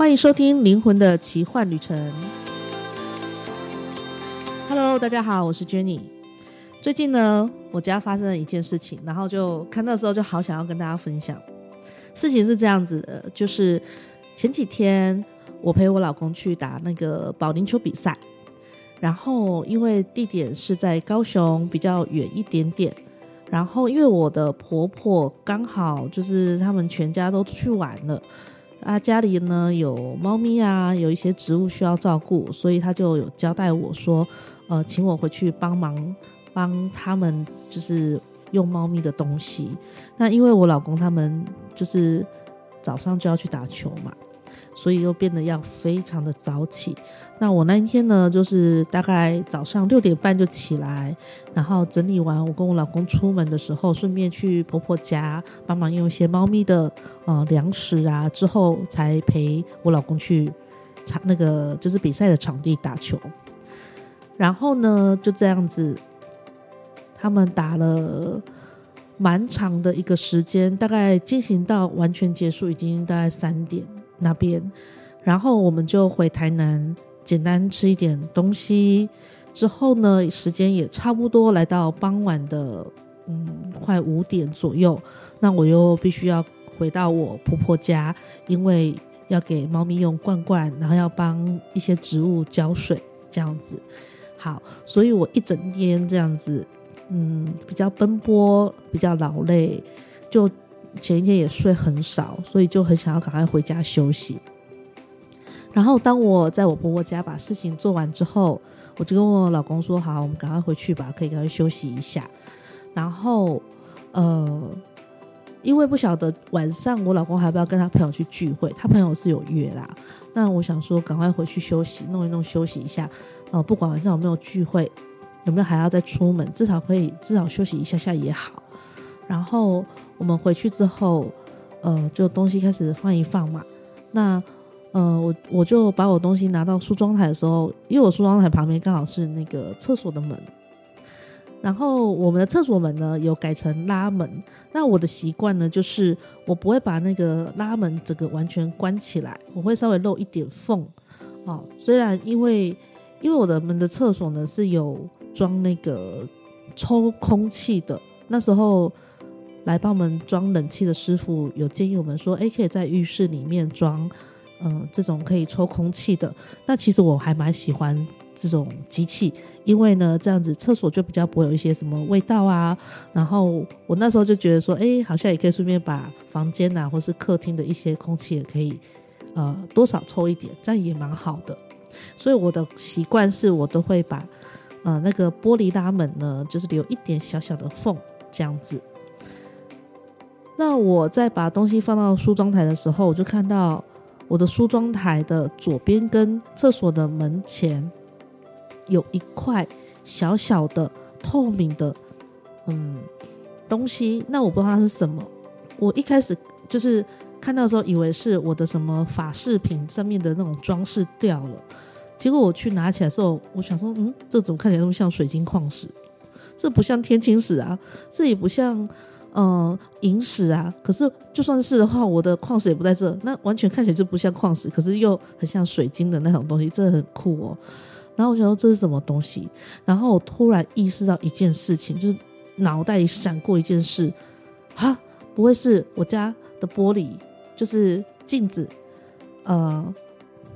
歡迎收聽《靈魂的奇幻旅程》。Hello，大家好，我是 Jannie。最近呢，我家發生了一件事情，然後就看到的時候就好想要跟大家分享。事情是這樣子的，就是前幾天我陪我老公去打那個保齡球比賽，然後因為地點是在高雄，比較遠一點點，然後因為我的婆婆剛好就是他們全家都去玩了。啊，家裡呢有貓咪啊，有一些植物需要照顧，所以他就有交代我說，呃，請我回去幫忙，幫他們就是用貓咪的東西。那因為我老公他們就是早上就要去打球嘛。所以又變得要非常的早起。那我那一天呢，就是大概早上六點半就起來，然後整理完，我跟我老公出門的時候，順便去婆婆家幫忙用一些貓咪的呃糧食啊，之後才陪我老公去場那個就是比賽的場地打球。然後呢，就這樣子，他們打了蠻長的一個時間，大概進行到完全結束，已經大概三點。那邊，然後我們就回台南，簡單吃一點東西。之後呢，時間也差不多，來到傍晚的，嗯，快五點左右。那我又必須要回到我婆婆家，因為要給貓咪用罐罐，然後要幫一些植物澆水，這樣子。好，所以我一整天這樣子，嗯，比較奔波，比較勞累，就。前一天也睡很少，所以就很想要趕快回家休息。然後當我在我婆婆家把事情做完之後，我就跟我老公說：“好，我們趕快回去吧，可以趕快休息一下。”然後，呃，因為不曉得晚上我老公還要不要跟他朋友去聚會，他朋友是有約啦。那我想說，趕快回去休息，弄一弄休息一下。然、呃，不管晚上有沒有聚會，有沒有還要再出門，至少可以至少休息一下下也好。然後。我們回去之後，呃，就東西開始放一放嘛。那，呃，我我就把我東西拿到梳妝台的時候，因為我梳妝台旁邊剛好是那個廁所的門。然後我們的廁所門呢，有改成拉門。那我的習慣呢，就是我不會把那個拉門整個完全關起來，我會稍微漏一點縫。哦，雖然因為因為我的門的廁所呢是有裝那個抽空氣的，那時候。來幫我們裝冷氣的師傅有建議我們說，哎，可以在浴室裡面裝，嗯、呃，這種可以抽空氣的。那其實我還蠻喜歡這種機器，因為呢，這樣子廁所就比較不會有一些什麼味道啊。然後我那時候就覺得說，哎，好像也可以順便把房間吶、啊，或是客廳的一些空氣也可以，呃，多少抽一點，這樣也蠻好的。所以我的習慣是我都會把，呃，那個玻璃拉門呢，就是留一點小小的縫，這樣子。那我在把東西放到梳妝台的時候，我就看到我的梳妝台的左邊跟廁所的門前有一塊小小的透明的嗯東西。那我不知道它是什麼。我一開始就是看到的時候以為是我的什麼髮飾品上面的那種裝飾掉了。結果我去拿起來之後，我想說：“嗯，這怎麼看起來那麼像水晶礦石？這不像天青石啊，這也不像。”嗯，螢石啊，可是就算是的話，我的礦石也不在這，那完全看起來就不像礦石，可是又很像水晶的那種東西，真的很酷哦。然後我想說這是什麼東西，然後我突然意識到一件事情，就是腦袋裡閃過一件事，哈，不會是我家的玻璃，就是鏡子，呃，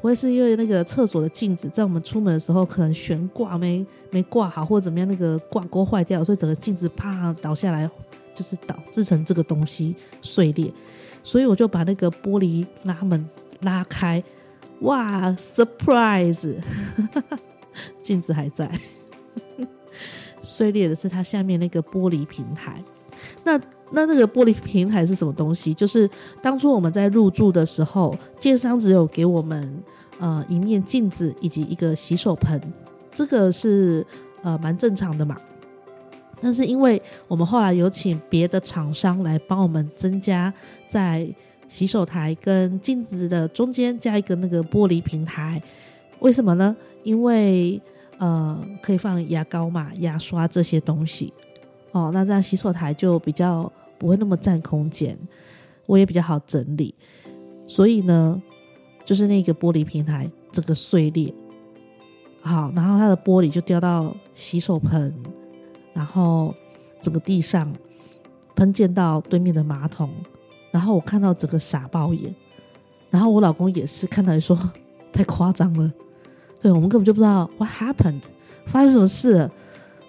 不會是因為那個廁所的鏡子，在我們出門的時候可能懸掛沒沒掛好或者怎麼樣，那個掛鈎壞掉，所以整個鏡子啪倒下來。就是導致成這個東西碎裂，所以我就把那個玻璃拉門拉開，哇，surprise， 鏡子還在， 碎裂的是它下面那個玻璃平台。那那那個玻璃平台是什麼東西？就是當初我們在入住的時候，建商只有給我們呃一面鏡子以及一個洗手盆，這個是呃蠻正常的嘛。但是因為我們後來有請別的廠商來幫我們增加，在洗手台跟鏡子的中間加一個那個玻璃平台，為什麼呢？因為呃可以放牙膏嘛，牙刷這些東西哦，那這樣洗手台就比較不會那麼占空間，我也比較好整理。所以呢，就是那個玻璃平台整個碎裂，好，然後它的玻璃就掉到洗手盆。然後整個地上噴濺到對面的馬桶，然後我看到整個傻爆眼，然後我老公也是看到也說太誇張了，對，我們根本就不知道 what happened 發生什麼事了。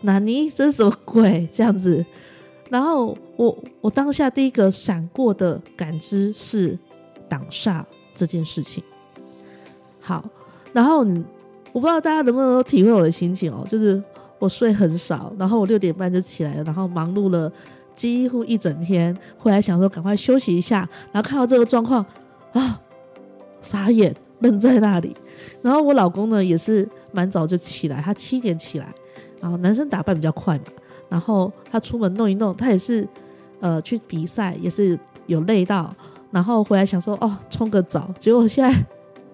納尼這是什麼鬼這樣子，然後我我當下第一個閃過的感知是擋煞這件事情，好，然後你我不知道大家能不能夠體會我的心情哦，就是。我睡很少，然後我六點半就起來了，然後忙碌了幾乎一整天，回來想說趕快休息一下，然後看到這個狀況，啊，傻眼，愣在那裡。然後我老公呢也是蠻早就起來，他七點起來，然後男生打扮比較快嘛，然後他出門弄一弄，他也是呃去比賽，也是有累到，然後回來想說哦沖個澡，結果我現在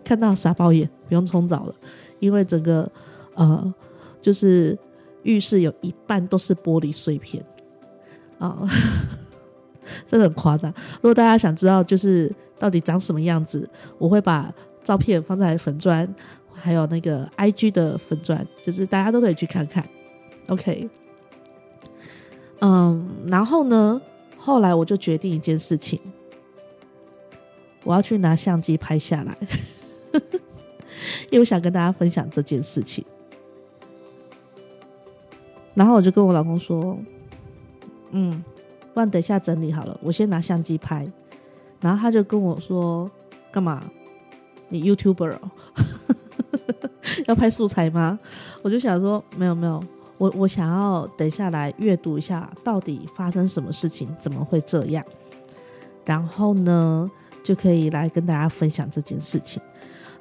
看到傻爆眼，不用沖澡了，因為整個呃就是。浴室有一半都是玻璃碎片，啊、哦，真的很誇張。如果大家想知道就是到底長什麼樣子，我會把照片放在粉專，還有那個 IG 的粉專，就是大家都可以去看看。OK，嗯，然後呢，後來我就決定一件事情，我要去拿相機拍下來， 因為我想跟大家分享這件事情。然後我就跟我老公說：“嗯，不然等一下整理好了，我先拿相機拍。”然後他就跟我說：“幹嘛？你 YouTuber 哦？ 要拍素材嗎？”我就想說：“沒有，沒有，我我想要等一下來閱讀一下，到底發生什麼事情，怎麼會這樣？”然後呢，就可以來跟大家分享這件事情。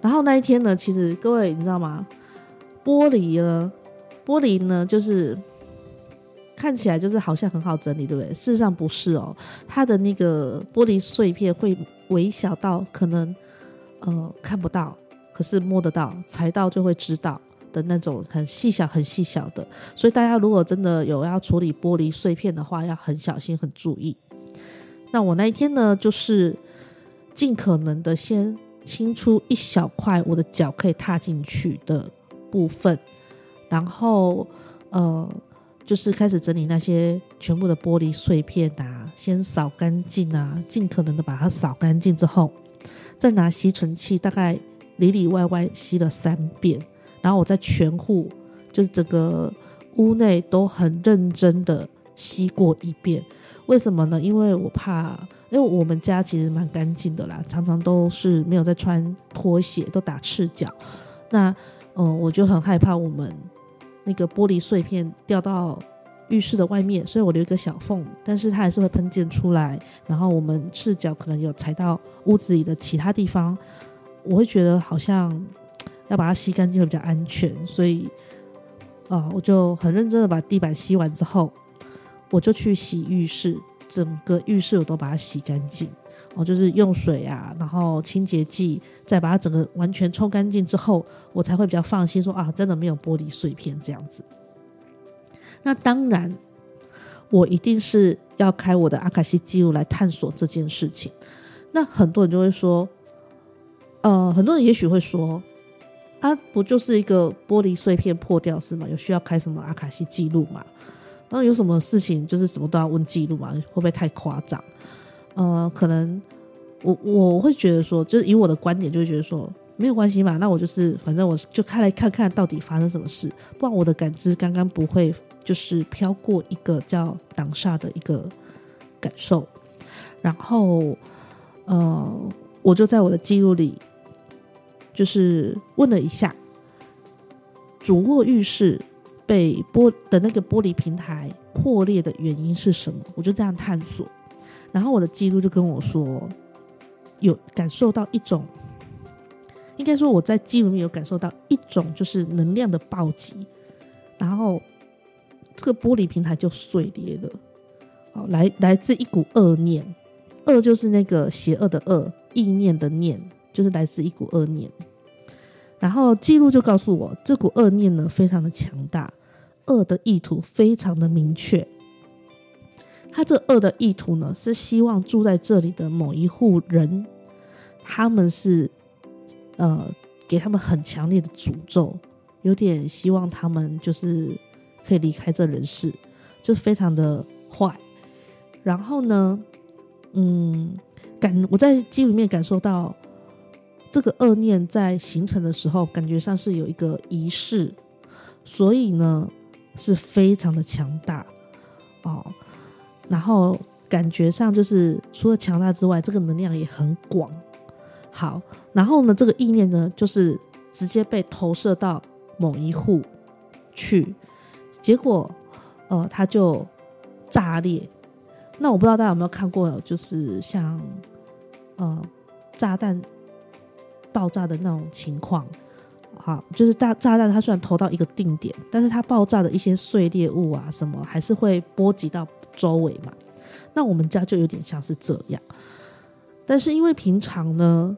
然後那一天呢，其實各位你知道嗎？玻璃呢，玻璃呢，就是。看起來就是好像很好整理，對不對？事實上不是哦，它的那個玻璃碎片會微小到可能呃看不到，可是摸得到，踩到就會知道的那種很細小、很細小的。所以大家如果真的有要處理玻璃碎片的話，要很小心、很注意。那我那一天呢，就是盡可能的先清出一小塊我的腳可以踏進去的部分，然後呃。就是開始整理那些全部的玻璃碎片啊，先掃乾淨啊，盡可能的把它掃乾淨之後，再拿吸塵器大概裡裡外外吸了三遍，然後我在全戶就是整個屋內都很認真的吸過一遍。為什麼呢？因為我怕，因為我們家其實蠻乾淨的啦，常常都是沒有在穿拖鞋，都打赤腳。那嗯、呃，我就很害怕我們。那個玻璃碎片掉到浴室的外面，所以我留一個小縫，但是它還是會噴濺出來。然後我們赤腳可能有踩到屋子裡的其他地方，我會覺得好像要把它吸乾淨會比較安全，所以，啊、呃，我就很認真的把地板吸完之後，我就去洗浴室，整個浴室我都把它洗乾淨。哦，就是用水啊，然後清潔劑，再把它整個完全沖乾淨之後，我才會比較放心說啊，真的沒有玻璃碎片這樣子。那當然，我一定是要開我的阿卡西記錄來探索這件事情。那很多人就會說，呃，很多人也許會說，啊，不就是一個玻璃碎片破掉是嗎？有需要開什麼阿卡西記錄嗎？然後有什麼事情，就是什麼都要問記錄嘛？會不會太誇張？呃，可能我我會覺得說，就是以我的觀點，就會覺得說沒有關係嘛。那我就是反正我就開來看看到底發生什麼事，不然我的感知剛剛不會就是飄過一個叫擋煞的一個感受。然後呃，我就在我的記錄裡就是問了一下，主臥浴室被玻的那個玻璃平台破裂的原因是什麼？我就這樣探索。然後我的記錄就跟我說，有感受到一種，應該說我在記錄裡面有感受到一種就是能量的暴擊，然後這個玻璃平台就碎裂了。哦，來來自一股惡念，惡就是那個邪惡的惡，意念的念，就是來自一股惡念。然後記錄就告訴我，這股惡念呢非常的強大，惡的意圖非常的明確。他這個惡的意圖呢，是希望住在這裡的某一戶人，他們是呃給他們很強烈的詛咒，有點希望他們就是可以離開這人世，就非常的壞。然後呢，嗯，感我在記憶裡面感受到這個惡念在形成的時候，感覺上是有一個儀式，所以呢是非常的強大哦。然後感覺上就是除了強大之外，這個能量也很廣。好，然後呢，這個意念呢，就是直接被投射到某一戶去，結果呃，它就炸裂。那我不知道大家有沒有看過，就是像呃炸彈爆炸的那種情況。啊，就是大炸彈，它雖然投到一個定點，但是它爆炸的一些碎裂物啊，什麼還是會波及到周圍嘛。那我們家就有點像是這樣，但是因為平常呢，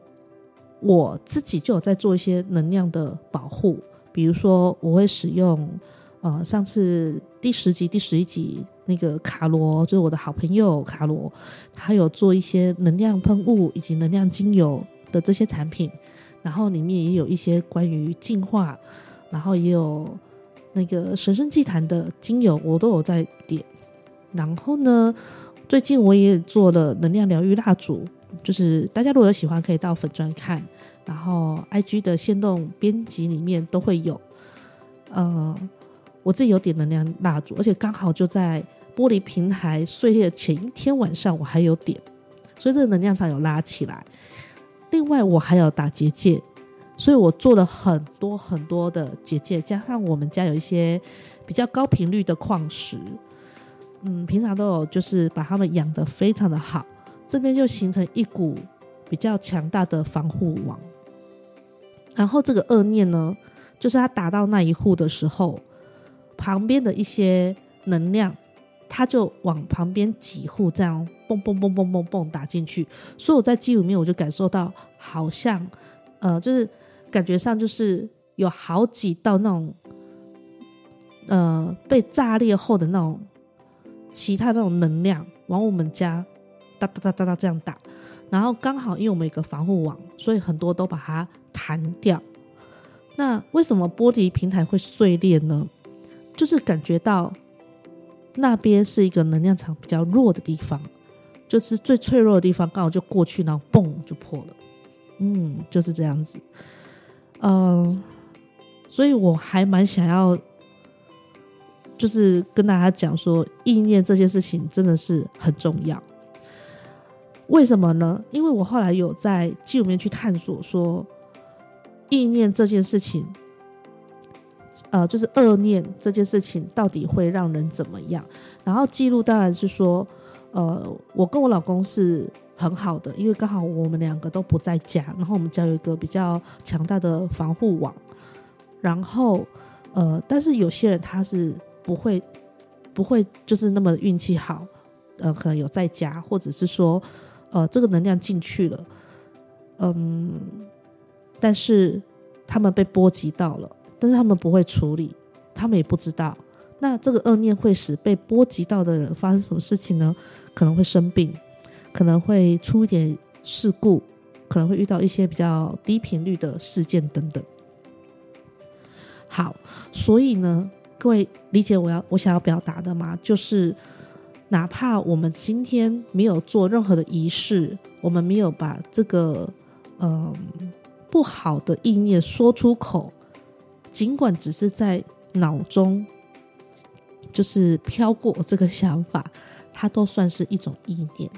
我自己就有在做一些能量的保護，比如說我會使用，呃，上次第十集、第十一集那個卡羅，就是我的好朋友卡羅，他有做一些能量噴霧以及能量精油的這些產品。然後裡面也有一些關於淨化，然後也有那個神聖祭壇的精油，我都有在點。然後呢，最近我也做了能量療癒蠟燭，就是大家如果有喜歡，可以到粉專看，然後 I G 的限動編輯裡面都會有。呃，我自己有點能量蠟燭，而且剛好就在玻璃平台碎裂前一天晚上，我還有點，所以這個能量上有拉起來。另外我還有打結界，所以我做了很多很多的結界，加上我們家有一些比較高頻率的礦石，嗯，平常都有就是把它們養得非常的好，這邊就形成一股比較強大的防護網。然後這個惡念呢，就是它打到那一戶的時候，旁邊的一些能量。他就往旁邊幾戶這樣蹦蹦蹦蹦蹦蹦打進去，所以我在機裡面我就感受到，好像呃，就是感覺上就是有好幾道那種，呃，被炸裂後的那種其他那種能量往我們家噠噠噠噠噠這樣打，然後剛好因為我們有個防護網，所以很多都把它彈掉。那為什麼玻璃平台會碎裂呢？就是感覺到。那邊是一個能量場比較弱的地方，就是最脆弱的地方，剛好就過去，然後嘣，就破了。嗯，就是這樣子。嗯、呃，所以我還蠻想要，就是跟大家講說，意念這件事情真的是很重要。為什麼呢？因為我後來有在基裡面去探索說，意念這件事情。呃，就是惡念這件事情到底會讓人怎麼樣？然後記錄當然是說，呃，我跟我老公是很好的，因為剛好我們兩個都不在家，然後我們家有一個比較強大的防護網。然後，呃，但是有些人他是不會不會就是那麼運氣好，呃，可能有在家，或者是說，呃，這個能量進去了，嗯，呃，但是他們被波及到了。但是他們不會處理，他們也不知道。那這個惡念會使被波及到的人發生什麼事情呢？可能會生病，可能會出一點事故，可能會遇到一些比較低頻率的事件等等。好，所以呢，各位理解我要我想要表達的嗎？就是，哪怕我們今天沒有做任何的儀式，我們沒有把這個嗯、呃、不好的意念說出口。儘管只是在腦中，就是飄過這個想法，它都算是一種意念。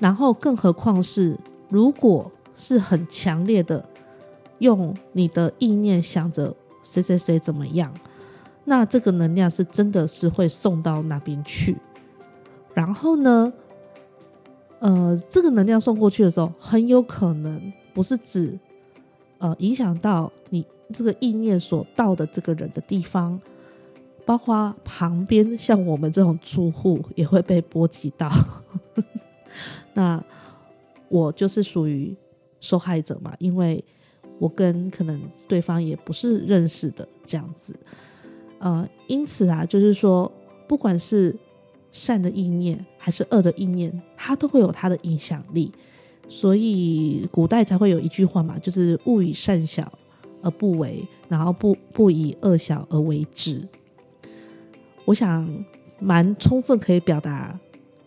然後，更何況是如果是很強烈的，用你的意念想着誰誰誰怎麼樣，那這個能量是真的是會送到那邊去。然後呢，呃，這個能量送過去的時候，很有可能不是只，呃，影響到你。這個意念所到的這個人的地方，包括旁邊像我們這種住戶也會被波及到。 那我就是屬於受害者嘛，因為我跟可能對方也不是認識的這樣子。呃，因此啊，就是說，不管是善的意念還是惡的意念，它都會有它的影響力。所以古代才會有一句話嘛，就是“勿以善小”而不為，然後不不以惡小而為之，我想蠻充分可以表達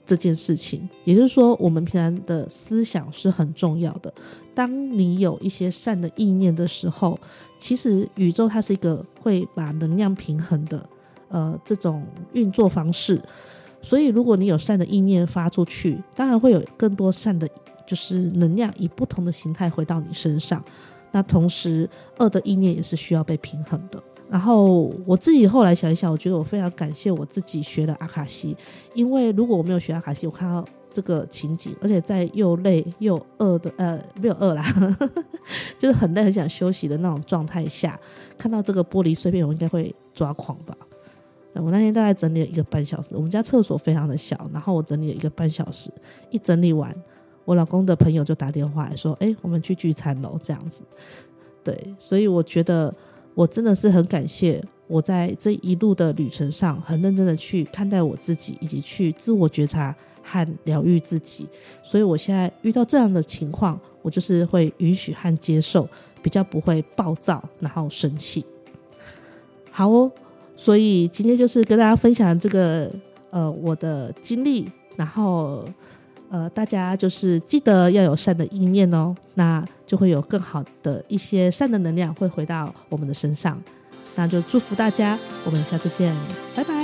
這件事情。也就是說，我們平常的思想是很重要的。當你有一些善的意念的時候，其實宇宙它是一個會把能量平衡的，呃，這種運作方式。所以，如果你有善的意念發出去，當然會有更多善的，就是能量以不同的形態回到你身上。那同時，惡的意念也是需要被平衡的。然後我自己後來想一想，我覺得我非常感謝我自己學了阿卡西，因為如果我沒有學阿卡西，我看到這個情景，而且在又累又餓的，呃，沒有餓啦， 就是很累、很想休息的那種狀態下，看到這個玻璃碎片，我應該會抓狂吧。那我那天大概整理了一個半小時，我們家廁所非常的小，然後我整理了一個半小時，一整理完。我老公的朋友就打電話來說：“哎、欸，我們去聚餐嘍，這樣子。”對，所以我覺得我真的是很感謝我在這一路的旅程上很認真的去看待我自己，以及去自我覺察和療癒自己。所以我現在遇到這樣的情況，我就是會允許和接受，比較不會暴躁，然後生氣。好哦，所以今天就是跟大家分享這個呃我的經歷，然後。呃，大家就是記得要有善的意念哦，那就會有更好的一些善的能量會回到我們的身上，那就祝福大家，我們下次見，拜拜。